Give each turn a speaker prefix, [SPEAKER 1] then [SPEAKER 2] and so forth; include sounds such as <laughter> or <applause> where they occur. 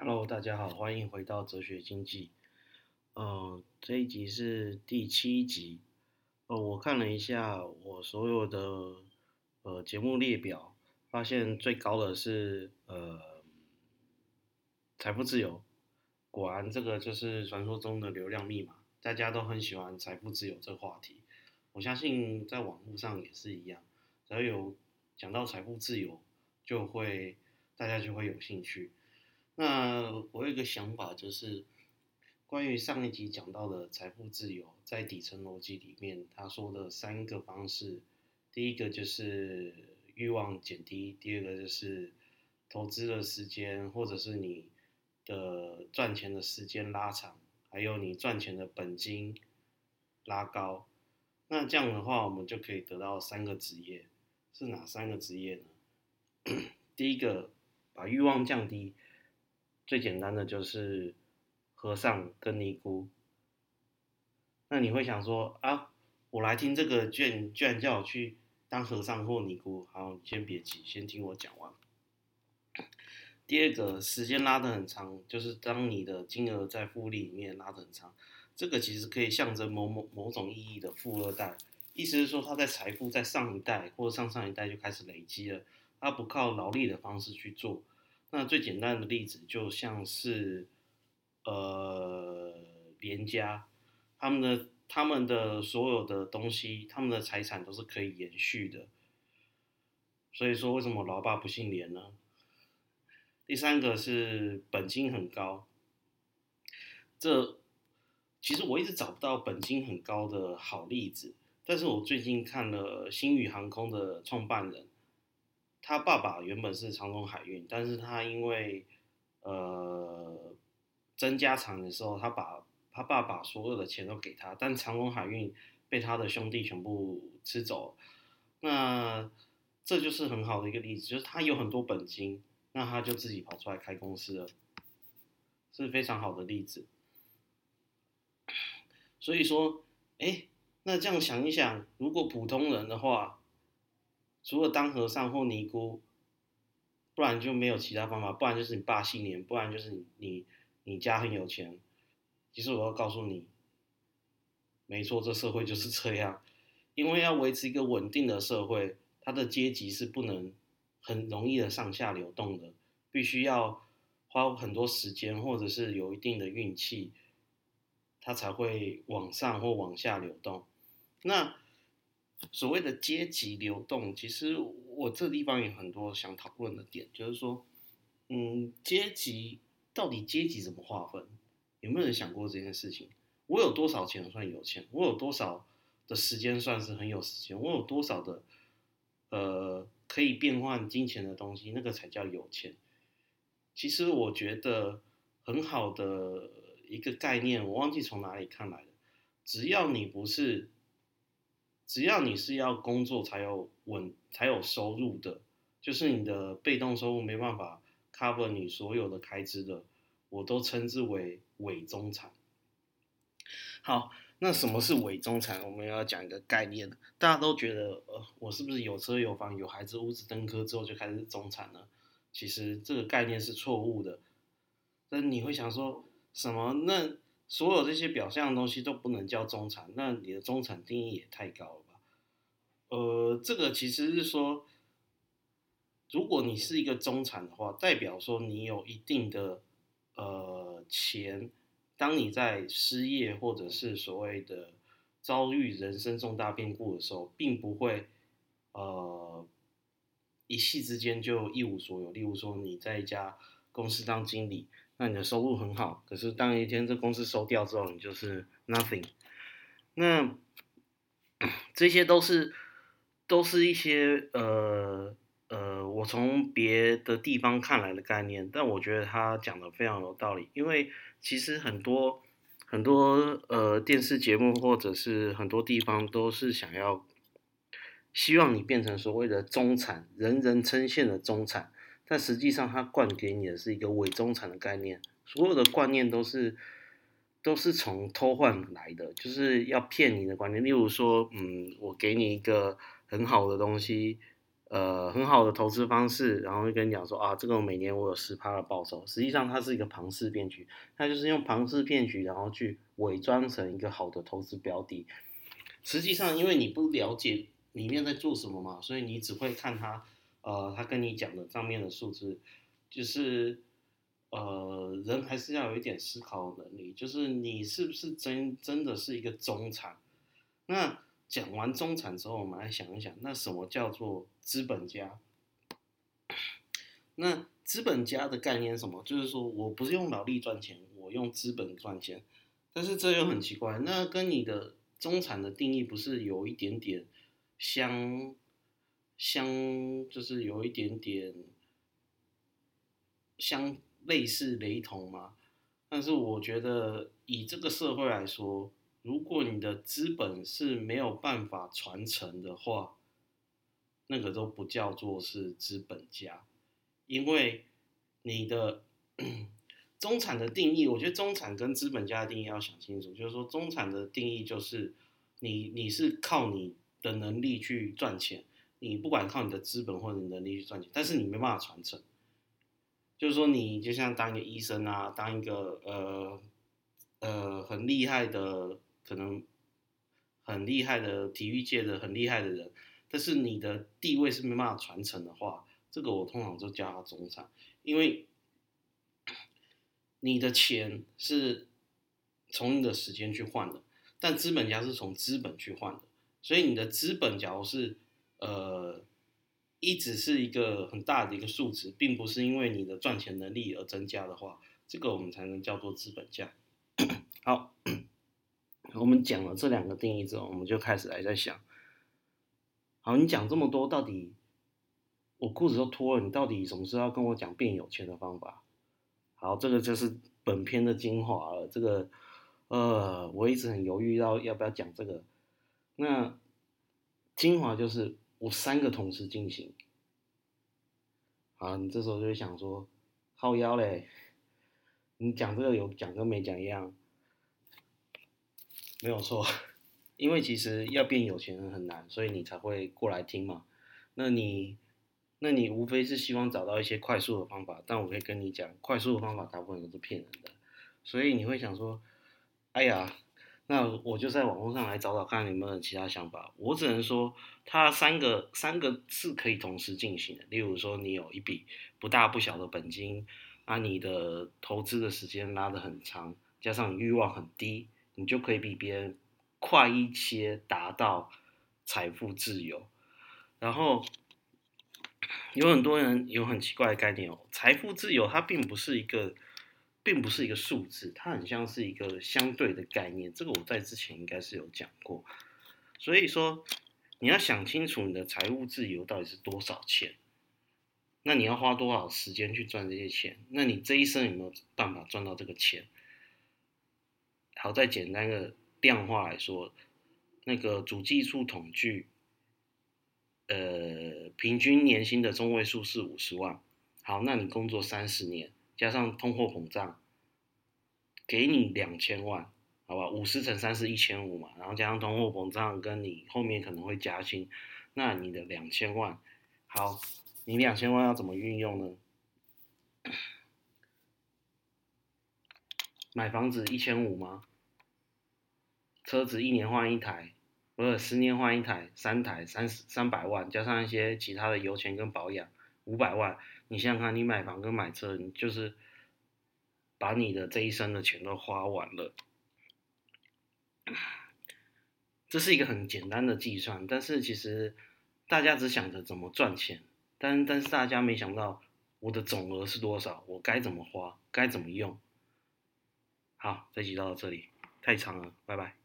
[SPEAKER 1] 哈嘍，Hello, 大家好，歡迎回到哲學經濟。嗯、呃，這一集是第七集。哦、呃，我看了一下我所有的呃節目列表，發現最高的是呃財富自由。果然，這個就是傳說中的流量密碼，大家都很喜歡財富自由這個話題。我相信在網絡上也是一樣，只要有講到財富自由，就會大家就會有興趣。那我有一個想法，就是關於上一集講到的財富自由，在底層邏輯裡面，他說的三個方式，第一個就是慾望減低，第二個就是投資的時間或者是你的賺錢的時間拉長，還有你賺錢的本金拉高。那這樣的話，我們就可以得到三個職業，是哪三個職業呢？第一個把慾望降低，最簡單的就是和尚跟尼姑，那你會想說啊，我來聽這個卷，居然,居然叫我去當和尚或尼姑？好，你先別急，先聽我講完啊。第二個時間拉得很長，就是當你的金額在複利裡面拉得很長，這個其實可以象徵某某某種意義的富二代，意思是說他在財富在上一代或上上一代就開始累積了，他不靠勞力的方式去做。那最簡單的例子就像是，呃，連家，他們的他們的所有的東西，他們的財產都是可以延續的。所以說，為什麼老爸不姓連呢？第三個是本金很高，這其實我一直找不到本金很高的好例子，但是我最近看了星宇航空的創辦人。他爸爸原本是長榮海運，但是他因為，呃，爭家產的時候，他把他爸爸所有的錢都給他，但長榮海運被他的兄弟全部吃走。那這就是很好的一個例子，就是他有很多本金，那他就自己跑出來開公司了，是非常好的例子。所以說，哎、欸，那這樣想一想，如果普通人的話，除了當和尚或尼姑，不然就沒有其他方法，不然就是你爸信年，不然就是你你家很有錢。其實我要告訴你，沒錯，這社會就是這樣，因為要維持一個穩定的社會，它的階級是不能很容易的上下流動的，必須要花很多時間，或者是有一定的運氣，它才會往上或往下流動。那。所謂的階級流動，其實我這地方有很多想討論的點，就是說，嗯，階級到底階級怎麼劃分？有沒有人想過這件事情？我有多少錢算有錢？我有多少的時間算是很有時間？我有多少的呃可以變換金錢的東西，那個才叫有錢。其實我覺得很好的一個概念，我忘記從哪裡看來的，只要你不是。只要你是要工作才有穩，才有收入的，就是你的被動收入沒辦法 cover 你所有的開支的，我都稱之為偽中產。好，那什麼是偽中產？我們要講一個概念，大家都覺得，呃，我是不是有車有房有孩子，五子登科之後就開始中產了？其實這個概念是錯誤的。那你會想說什麼？那所有這些表象的東西都不能叫中產，那你的中產定義也太高了吧？呃，這個其實是說，如果你是一個中產的話，代表說你有一定的呃錢，當你在失業或者是所謂的遭遇人生重大變故的時候，並不會呃一夕之間就一無所有。例如說你在一家公司當經理。那你的收入很好，可是當一天這公司收掉之後，你就是 nothing。那這些都是都是一些呃呃，我從別的地方看來的概念，但我覺得他講的非常有道理。因為其實很多很多呃電視節目或者是很多地方都是想要希望你變成所謂的中產，人人稱羨的中產。但實際上，它灌給你的是一個偽中產的概念，所有的觀念都是都是從偷換來的，就是要騙你的觀念。例如說，嗯，我給你一個很好的東西，呃，很好的投資方式，然後跟你講說啊，這個每年我有十趴的報酬。實際上，它是一個龐氏騙局，它就是用龐氏騙局，然後去偽裝成一個好的投資標的。實際上，因為你不了解裡面在做什麼嘛，所以你只會看它。呃，他跟你講的帳面的數字，就是，呃，人還是要有一點思考能力，就是你是不是真真的是一個中產？那講完中產之後，我們來想一想，那什麼叫做資本家？那資本家的概念是什麼？就是說我不是用勞力賺錢，我用資本賺錢。但是這又很奇怪，那跟你的中產的定義不是有一點點相？相就是有一點點相類似、雷同嘛。但是我覺得，以這個社會來說，如果你的資本是沒有辦法傳承的話，那個都不叫做是資本家。因為你的中產的定義，我覺得中產跟資本家的定義要想清楚，就是說中產的定義就是你你是靠你的能力去賺錢。你不管靠你的資本或者你能力去賺錢，但是你沒辦法傳承，就是說你就像當一個醫生啊，當一個呃呃很厲害的，可能很厲害的體育界的很厲害的人，但是你的地位是沒辦法傳承的話，這個我通常就叫他中產，因為你的錢是從你的時間去換的，但資本家是從資本去換的，所以你的資本假如是。呃，一直是一個很大的一個數值，並不是因為你的賺錢能力而增加的話，這個我們才能叫做資本家。 <coughs> 好，我們講了這兩個定義之後，我們就開始來在想，好，你講這麼多，到底我褲子都脫了，你到底什麼時候要跟我講變有錢的方法？好，這個就是本篇的精華了。這個，呃，我一直很猶豫到要不要講這個。那精華就是。我三個同時進行，啊，你這時候就會想說，好妖嘞，你講這個有講跟沒講一樣，沒有錯，因為其實要變有錢人很難，所以你才會過來聽嘛。那你，那你無非是希望找到一些快速的方法，但我可以跟你講，快速的方法大部分都是騙人的，所以你會想說，哎呀。那我就在網絡上來找找看你們的其他想法。我只能說，它，三個三個是可以同時進行的。例如說，你有一筆不大不小的本金，啊，你的投資的時間拉得很長，加上欲望很低，你就可以比別人快一些達到財富自由。然後有很多人有很奇怪的概念哦，財富自由它並不是一個。並不是一個數字，它很像是一個相對的概念。這個我在之前應該是有講過，所以說你要想清楚你的財務自由到底是多少錢，那你要花多少時間去賺這些錢？那你這一生有沒有辦法賺到這個錢？好，再簡單的量化來說，那個主計處統計，呃，平均年薪的中位數是五十萬。好，那你工作三十年。加上通貨膨脹，給你兩千萬，好吧，五十乘三是一千五嘛，然後加上通貨膨脹跟你後面可能會加薪，那你的兩千萬，好，你兩千萬要怎麼運用呢？買房子一千五嗎？車子一年換一台，不是，十年換一台，三台三三百萬，加上一些其他的油錢跟保養，五百萬。你想想看，你買房跟買車，你就是把你的這一生的錢都花完了，這是一個很簡單的計算。但是其實大家只想着怎麼賺錢，但但是大家沒想到我的總額是多少，我該怎麼花，該怎麼用。好，這集到這裡，太長了，拜拜。